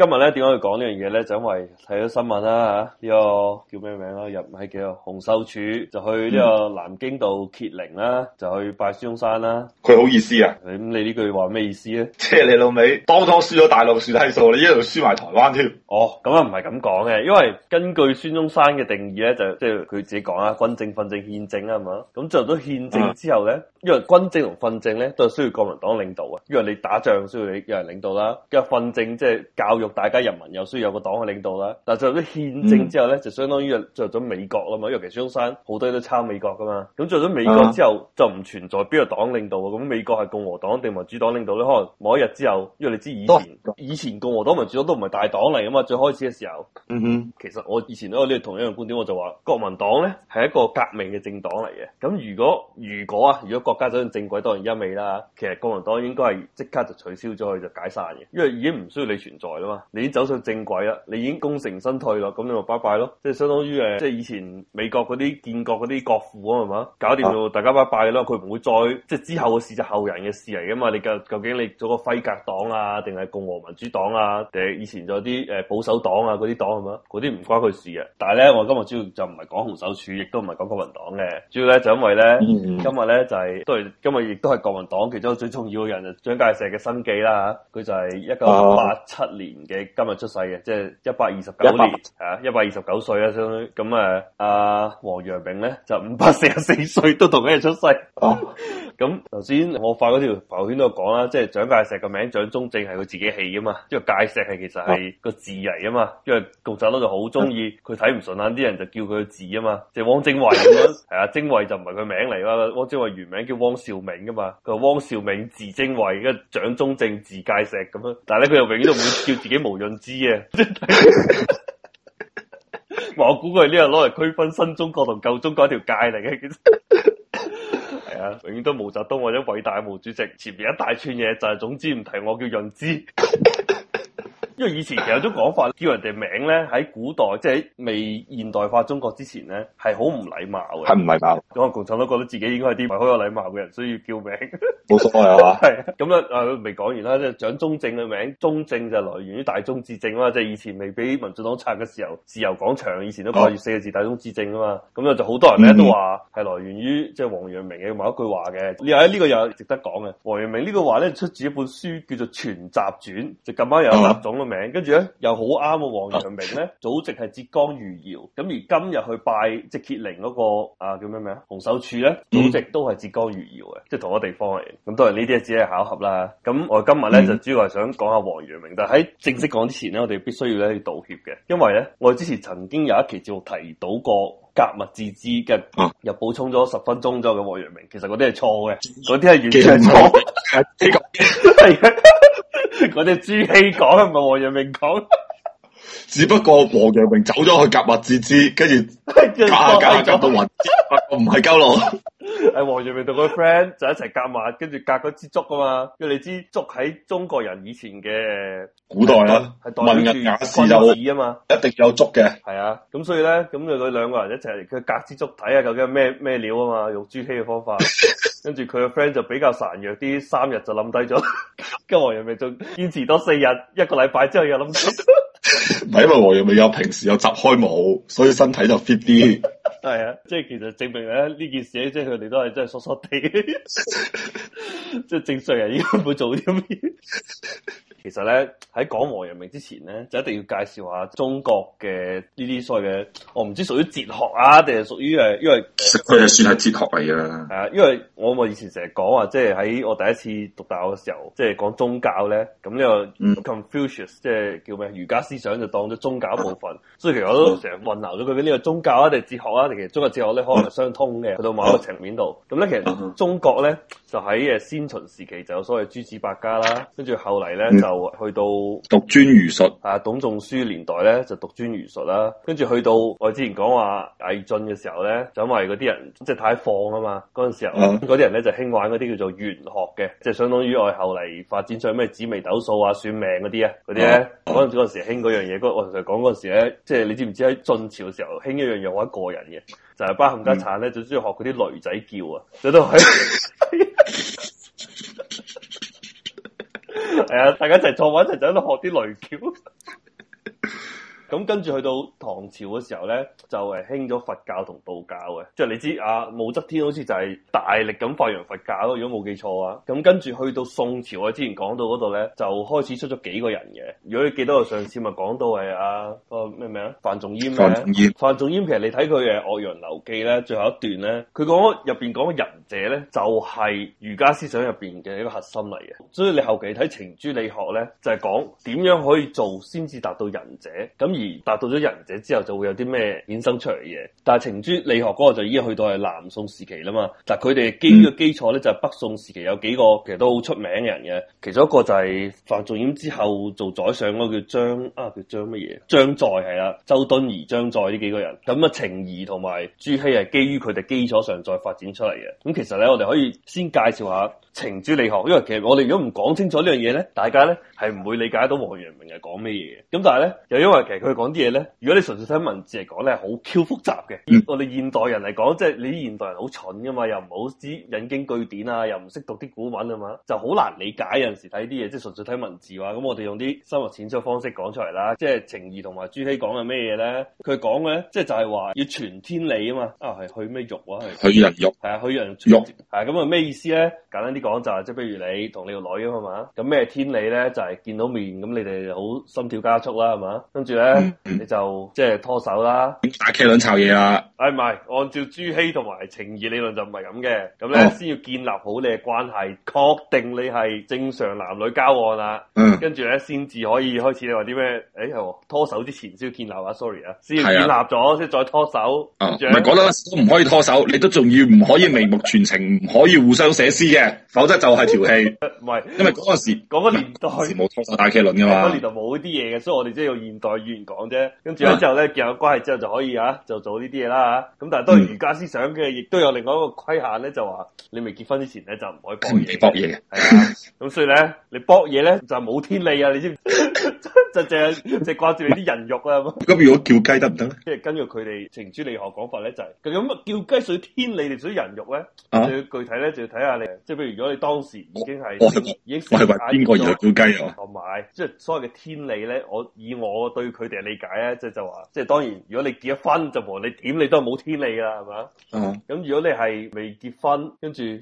今日咧點解去講呢樣嘢咧？就因為睇咗新聞啦、啊、呢、啊這個叫咩名啦、啊？又唔係叫做洪秀柱，就去呢個南京度謁陵啦、啊，就去拜孫中山啦、啊。佢好意思啊？咁、嗯、你呢句話咩意思咧、啊？即係你老味當當輸咗大陸算低數，你一路輸埋台灣添、啊。哦，咁啊唔係咁講嘅，因為根據孫中山嘅定義咧，就即係佢自己講呀，軍政、訓政、憲政啦，係嘛？咁做到憲政之後咧。嗯因為軍政同訓政咧都係需要國民黨領導啊，因為你打仗需要你有人領導啦，跟住訓政即係教育大家人民又需要有個黨嘅領導啦。但嗱，做咗憲政之後咧，就相當於做咗美國啦嘛。尤其孫中山好多嘢都抄美國噶嘛。咁做咗美國之後就唔存在邊個黨領導啊。咁美國係共和黨定民主黨領導咧？可能某一日之後，因為你知以前以前共和黨民主黨都唔係大黨嚟啊嘛。最開始嘅時候，嗯哼，其實我以前都有呢個同一樣觀點，我就話國民黨咧係一個革命嘅政黨嚟嘅。咁如果如果啊，如果國家走上正軌，當然一味啦。其實國民黨應該係即刻就取消咗佢，就解散嘅，因為已經唔需要你存在啦嘛。你已經走上正軌啦，你已經功成身退啦，咁你咪拜拜咯，即係相當於誒，即係以前美國嗰啲建國嗰啲國父啊，係嘛，搞掂咗，大家拜拜啦。佢唔會再即係之後嘅事就後人嘅事嚟嘅嘛。你嘅究竟你做個輝格黨啊，定係共和民主黨啊，定係以前做啲誒保守黨啊嗰啲黨係嘛？嗰啲唔關佢事嘅、啊。但係咧，我今日主要就唔係講紅手柱，亦都唔係講國民黨嘅。主要咧就因為咧、嗯嗯，今日咧就係、是。都係今日，亦都係國民黨其中最重要嘅人就就，就蔣、是啊 oh. 就是、介石嘅生忌啦嚇。佢就係一九八七年嘅今日出世嘅，即係一百二十九年啊，一百二十九歲啊，相對咁誒。阿王陽明咧就五百四十四歲，都同一日出世。咁頭先我發嗰條朋友圈都講啦，即係蔣介石嘅名蔣中正係佢自己起噶嘛，因為介石係其實係個字嚟啊嘛，因為共產佬就好中意佢睇唔順眼啲人就叫佢個字啊嘛，即係汪精衛咁樣，係啊，精衛就唔係佢名嚟啦，汪精衛原名。叫汪兆銘噶嘛。佢話汪兆銘字精衛，個蔣中正字介石咁樣。但係咧，佢又永遠都唔會叫自己毛潤之啊。 我估佢呢個攞嚟區分新中國同舊中國的一條界嚟嘅。其實係 啊，永遠都毛澤東或者偉大毛主席前面一大串嘢，就係總之唔提我。我叫潤之。 因為以前其實有種講法，叫人哋名咧喺古代，即係未現代化中國之前咧，係好唔禮貌嘅。係唔禮貌。咁啊，共產黨覺得自己應該係啲好有禮貌嘅人，所以叫名冇錯係嘛？係咁啦，誒未講完啦，即係蔣中正嘅名，中正就係來源於大中至正啦。即係以前未俾民進黨拆嘅時候，自由廣場以前都掛住、啊、四個字大中至正啊嘛。咁樣就好多人咧都話係來源於即係王陽明嘅某一句話嘅。你喺呢個又值得講嘅王陽明呢個話咧，出自一本書叫做《全集》傳，就咁啱又有納總名跟住咧又好啱啊！王陽明咧祖籍係浙江餘姚，咁而今日去拜即揭靈嗰個啊叫咩名啊？洪秀柱咧祖籍都係浙江餘姚嘅，即係同一地方嚟。咁當然呢啲只係巧合啦。咁我今日咧、嗯、就主要係想講下王陽明，但喺正式講之前咧，我哋必須要一啲道歉嘅，因為咧我哋之前曾經有一期節目提到過。格物致知嘅又補充咗十分鐘左右嘅王陽明，其實嗰啲係錯嘅，嗰啲係完全係錯，嗰啲係朱熹講，唔係王陽明講。只不過王陽明走咗去格物致知，跟住格下格下格到暈，唔 係交流。係 王陽明同佢 friend 就一齊格物，跟住格嗰隻竹噶嘛。你知竹喺中國人以前嘅古代啊，代文人雅士就啊嘛，一定有竹嘅。係啊，咁所以咧，咁佢兩個人一齊佢格支竹睇啊，究竟咩咩料啊嘛？用朱熹嘅方法，跟住佢嘅 friend 就比較孱弱啲，三日就冧低咗。跟王陽明仲堅持多四日，一個禮拜之後又冧。唔係因為黃又偉有平時有習開冇，所以身體就 fit 啲。係 啊，即係其實證明咧呢件事，即係佢哋都係真係傻傻地， 即係正常人應該唔會做啲咩？ 其實咧喺講王陽明之前咧，就一定要介紹下中國嘅呢啲所謂嘅，我唔知屬於哲學啊，定係屬於誒，因為佢哋算係哲學嚟嘅。係啊，因為我我以前成日講話，即係喺我第一次讀大學嘅時候，即、就、係、是、講宗教咧，咁呢個 Confucius、嗯、即係叫咩？儒家思想就當咗宗教一部分、啊，所以其實我都成日混淆咗佢嘅呢個宗教啊，定係哲學啊，定其實中國哲學咧，可能係相通嘅、啊，去到某個層面度。咁咧其實中國咧就喺誒先秦時期就有所謂諸子百家啦，跟住後嚟咧、啊、就。去到獨尊儒術，術，啊，董仲舒年代咧就獨尊儒術啦，跟住去到我之前話講話魏晉嘅時候咧，因為嗰啲人即係太放啊嘛，嗰陣時候嗰啲人咧就興玩嗰啲叫做玄學嘅，即係相當於我後嚟發展出咩紫微斗數啊、算命嗰啲啊，嗰啲咧嗰陣嗰時興嗰樣嘢。我成日講嗰時咧，即係你知唔知喺晉朝嘅時候興一樣嘢，我一個人嘅就係班冚家鏟咧就中意學嗰啲驢仔叫啊，嗰度係。 係啊，大家一齊坐埋，一齊就喺度學啲禮教。咁跟住去到唐朝嘅時候咧，就誒興咗佛教同道教嘅，即係你知啊，武則天好似就係大力咁發揚佛教咯，如果冇記錯啊。咁跟住去到宋朝啊，我之前講到嗰度咧，就開始出咗幾個人嘅。如果你記得我上次咪講到係啊，咩咩啊，啊，范仲淹咩？范仲淹，其實你睇佢嘅《岳陽樓記》咧，最後一段咧，佢講入面講嘅仁者咧，就係儒家思想入面嘅一個核心嚟嘅。所以你後期睇程朱理學咧，就係講點樣可以做先至達到仁者咁。而達到咗仁者之後就會有啲咩衍生出嚟嘅，但係程朱理學嗰個就已經去到係南宋時期啦嘛。但係佢哋基於嘅基礎咧就係、是、北宋時期有幾個其實都好出名嘅人嘅，其中一個就係范仲淹之後做宰相嗰個叫張啊，叫張乜嘢？張載係啦，周敦頤、張載呢幾個人咁啊，程頤同埋朱熹係基於佢哋基礎上再發展出嚟嘅。咁其實咧，我哋可以先介紹下程朱理學，因為其實我哋如果唔講清楚這件事呢樣嘢咧，大家咧係唔會理解到王陽明係講咩嘢嘅。咁但係咧，又因為其實佢佢講啲嘢咧，如果你純粹睇文字嚟講咧，好 Q 複雜嘅。嗯、我哋現代人嚟講，即係你啲現代人好蠢噶嘛，又唔好知引經據典啊，又唔識讀啲古文啊嘛，就好難理解。有陣時睇啲嘢，即係純粹睇文字話，咁我哋用啲生活淺出嘅方式講出嚟啦。即係程頤同埋朱熹講嘅咩嘢咧？佢講嘅咧，即係就係話要存天理啊嘛。啊，係去咩欲啊？係去人欲。係啊，去人欲。係啊，咁啊咩意思咧？簡單啲講就係，即係譬如你同你個女啊嘛，咁咩天理咧？就係見到面咁，你哋好心跳加速啦，係嘛？跟住咧。嗯、你就即係拖手啦，打茄輪炒嘢啊！哎唔係，按照朱熹同埋情意理論就唔係咁嘅，咁咧、哦、先要建立好你嘅關係，確定你係正常男女交往啦。嗯，跟住咧先至可以開始你話啲咩？哎，拖手之前先要建立啊！Sorry 啊，先建立咗先、啊、再拖手。啊、哦，唔係嗰陣時都唔可以拖手，你都仲要唔可以眉目傳情，唔 可以互相寫詩嘅，否則就係調戲。唔 係，因為嗰陣時、嗰個年代冇、嗰個、拖手打茄輪嘅嘛，嗰、嗰個、年代冇啲嘢嘅，所以我哋即係要現代講啫，跟住咧之後咧，建、啊、立關係之後就可以啊，就做呢啲嘢啦。咁但係當然儒家思想嘅，亦、嗯、都有另外一個規限咧，就話你未結婚之前咧就唔可以搏嘢搏嘢嘅。咁 所以咧，你搏嘢咧就冇天理啊！你知唔知 就只？就淨係掛掛住你啲人欲啊！咁如果叫雞得唔得？即係跟住佢哋程朱理學講法咧，就係咁乜叫雞屬於天理，定屬於人欲咧？啊、就要具體咧就要睇下你，即係譬如如果你當時已經係，已經我係為邊個而叫雞啊？即、係所謂嘅天理咧，我以我對佢哋嘅理解咧，即係就話，即係當然，如果你結咗婚，就無你點，你都係冇天理啦，係咪？Uh-huh. 嗯。咁如果你係未結婚，跟住而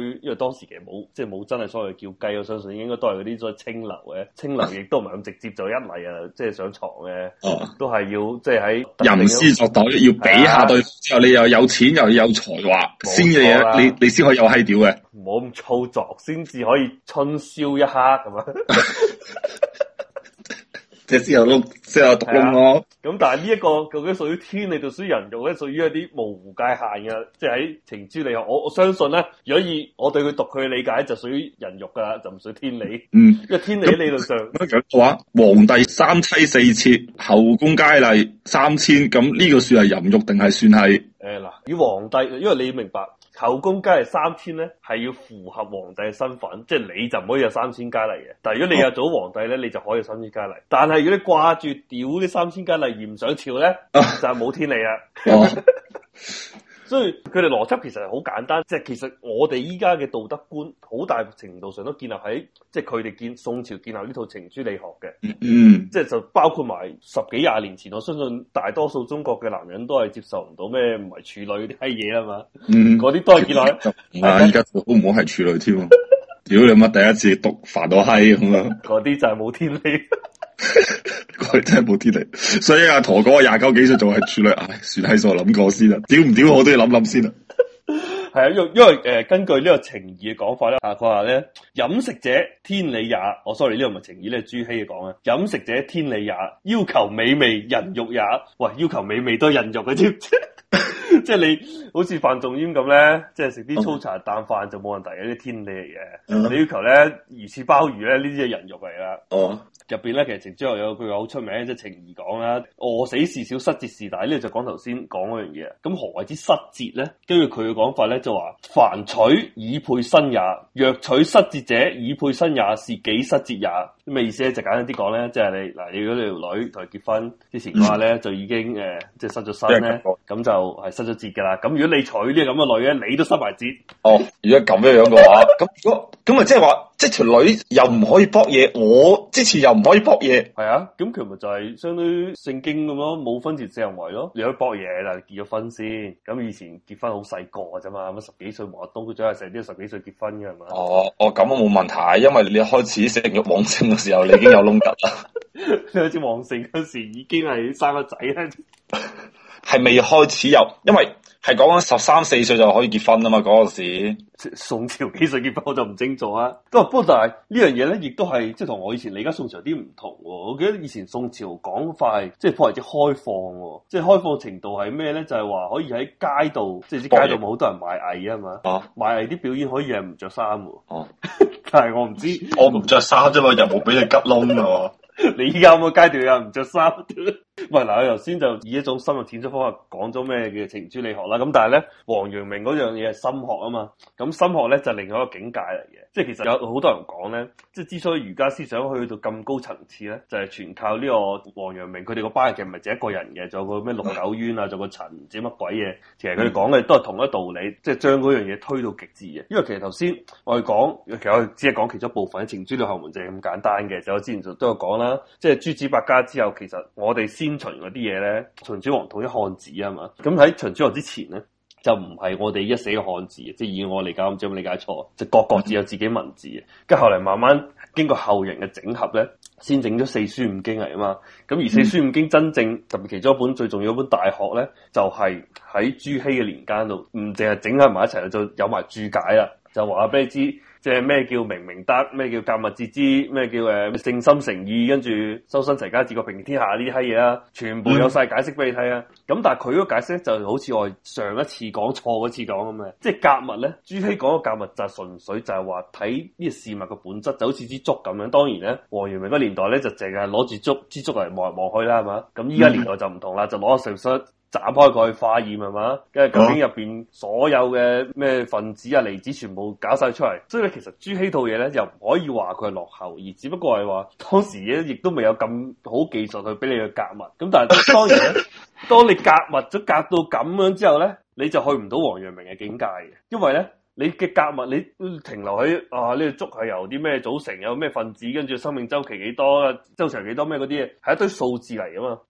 去，因為當時其實冇，即係冇真係所謂叫雞，我相信應該都係嗰啲所謂清流嘅，清流亦都唔係咁直接、uh-huh. 就一嚟啊，即係上床嘅。Uh-huh. 都係要即係喺吟詩作對，要比一下對，之後，uh-huh. 你又有錢又有才華，先嘅嘢，你你先可以有閪屌嘅。我咁操作，先至可以春宵一刻咁 啊！即係之後讀，之後讀《龍歌》。咁但係呢一個究竟屬於天理定屬於人欲？咧？屬於一啲模糊界限嘅，即係喺程朱理學。我我相信咧，如果以我對佢讀佢嘅理解，就屬於人欲噶啦，就唔屬於天理。嗯，因為天理理論上咁嘅、嗯、話，皇帝三妻四妾，後宮佳麗三千，咁呢個算係淫欲定係算係？誒、哎、嗱，以皇帝，因為你要明白。求公佳麗三千咧，係要符合皇帝嘅身份，即係你就唔可以有三千佳麗嘅。但係如果你有做皇帝咧，你就可以有三千佳麗。但係如果你掛住屌啲三千佳麗而唔想朝咧，就係、是、冇天理啦。 所以佢哋邏輯其實係好簡單，即係其實我哋依家嘅道德觀，好大程度上都建立喺即係佢哋建宋朝建立呢套程朱理學嘅、嗯，即係就包括埋十幾廿年前，我相信大多數中國嘅男人都係接受唔到咩唔係處女啲閪嘢啊嘛，嗰、嗯、啲都係建立。而家好唔好係處女添？屌 你媽，第一次讀煩到閪咁啊！嗰 啲就係冇天理。我 哋真係冇天理，所以阿、啊、駝哥廿九幾歲仲係處女，唉， 算係傻諗過先啦，屌唔屌我都要諗諗先啦。係 啊，因因為誒、呃，根據呢個情義嘅講法咧，阿佢話咧，飲食者天理也。我 sorry，呢個唔係情義咧，朱熹嘅講啊，飲食者天理也，要求美味人欲也。喂，要求美味都人欲嘅添。 即 係你好似范仲淹咁咧，即係食啲粗茶淡飯就冇問題嘅啲天地嘅嘢。你要求咧魚翅鮑魚咧呢啲係人肉嚟啦。哦、嗯，入邊咧其實程朱有句好出名即係、就是、程頤講啦，餓死事小，失節事大。呢就講頭先講嗰樣嘢。咁何謂之失節咧？跟住佢嘅講法咧就話凡取以配身也，若取失節者以配身也是己失節也。咩意思咧？就簡單啲講咧，即、就、係、是、你嗱，如果你條女同佢結婚之前嘅話咧、嗯，就已經誒即係失咗身咧，咁、嗯、就。就係失咗節噶啦，咁如果你娶啲咁嘅女咧，你都失埋節。哦，如果咁樣樣嘅話，咁咁啊，即係話，即係條女又唔可以搏嘢，我之前又唔可以搏嘢，係啊，咁佢咪就係相當於聖經咁咯，冇婚前性行為咯，你可以搏嘢，但係結咗婚先。咁以前結婚好細個啫嘛，咁十幾歲磨刀，咗係成啲十幾歲結婚嘅係嘛？哦，哦，咁啊冇問題，因為你開始成咗旺盛嘅時候，你已經有窿突啦， 你好似旺盛嗰時已經係生個仔咧。 係未開始入，因為係講緊十三四歲就可以結婚啊嘛，嗰、那、陣、個、時候宋朝幾歲結婚我就唔清楚啊。不過，不過但係呢樣嘢咧，亦都係即係同我以前、你而家宋朝啲唔同。我記得以前宋朝講快，即係頗為之開放，即係開放程度係咩咧？就係、是、話可以喺街道，即係啲街道冇好多人賣藝啊嘛。哦、啊，賣藝啲表演可以係唔着衫。哦、啊，但係我唔知，我唔着衫啫嘛， 又冇俾你吉窿啊！你有冇街道又唔着衫？喂，嗱，我頭先就以一種深入淺出方法講咗咩嘅程朱理學啦。咁但係咧，王陽明嗰樣嘢係心學啊嘛。咁心學咧就是、另一個境界嚟嘅，即係其實有好多人講咧，即係之所以儒家思想去到咁高層次咧，就係、是、全靠呢個王陽明佢哋個班嘅唔係淨一個人嘅，仲有個咩陸九淵啊，仲有個陳唔知乜鬼嘢，其實佢哋講嘅都係同一道理，即係將嗰樣嘢推到極致嘅。因為其實頭先我哋講，其實我哋只係講其中一部分嘅程朱理學門徑咁簡單嘅。就我之前就都有講啦，即係諸子百家之後，其實我哋先。天秦嗰啲嘢咧，秦始皇統一漢字啊嘛，咁喺秦始皇之前咧，就唔係我哋一寫漢字，即係以我嚟講，唔知有冇理解錯，就各各自有自己文字嘅，跟、嗯、住後嚟慢慢經過後人嘅整合咧，先整咗四書五經嚟啊嘛，咁而四書五經真正、嗯、特別其中一本最重要一本大學咧，就係喺朱熹嘅年間度，唔淨係整喺埋一齊，就有埋注解啦，就話俾你知。即係咩叫明明德，咩叫格物致知，咩叫誒誠心誠意，跟住修身齊家治國平天下呢啲閪嘢啊，全部有晒解釋俾你睇啊。咁、嗯、但係佢嗰個解釋就好似我上一次講錯嗰次講咁嘅，即係格物咧。朱熹講嘅格物就係純粹就係話睇呢事物個本質，就好似支竹咁樣。當然咧，王陽明嗰年代咧就淨係攞住竹，支竹嚟望嚟望去啦，係嘛。咁依家年代就唔同啦，就攞個聖心。嗯斬開佢去化驗係嘛，跟住究竟入邊所有嘅咩分子啊離子全部搞晒出嚟。所以咧其實朱熹套嘢咧又唔可以話佢係落後，而只不過係話當時咧亦都未有咁好技術去俾你去格物。咁但係當然呢， 當你格物咗隔到咁樣之後咧，你就去唔到王陽明嘅境界嘅，因為咧你嘅格物你停留喺啊呢個竹係由啲咩組成，有咩分子，跟住生命周期幾多啊，周長幾多咩嗰啲，係一堆數字嚟噶嘛。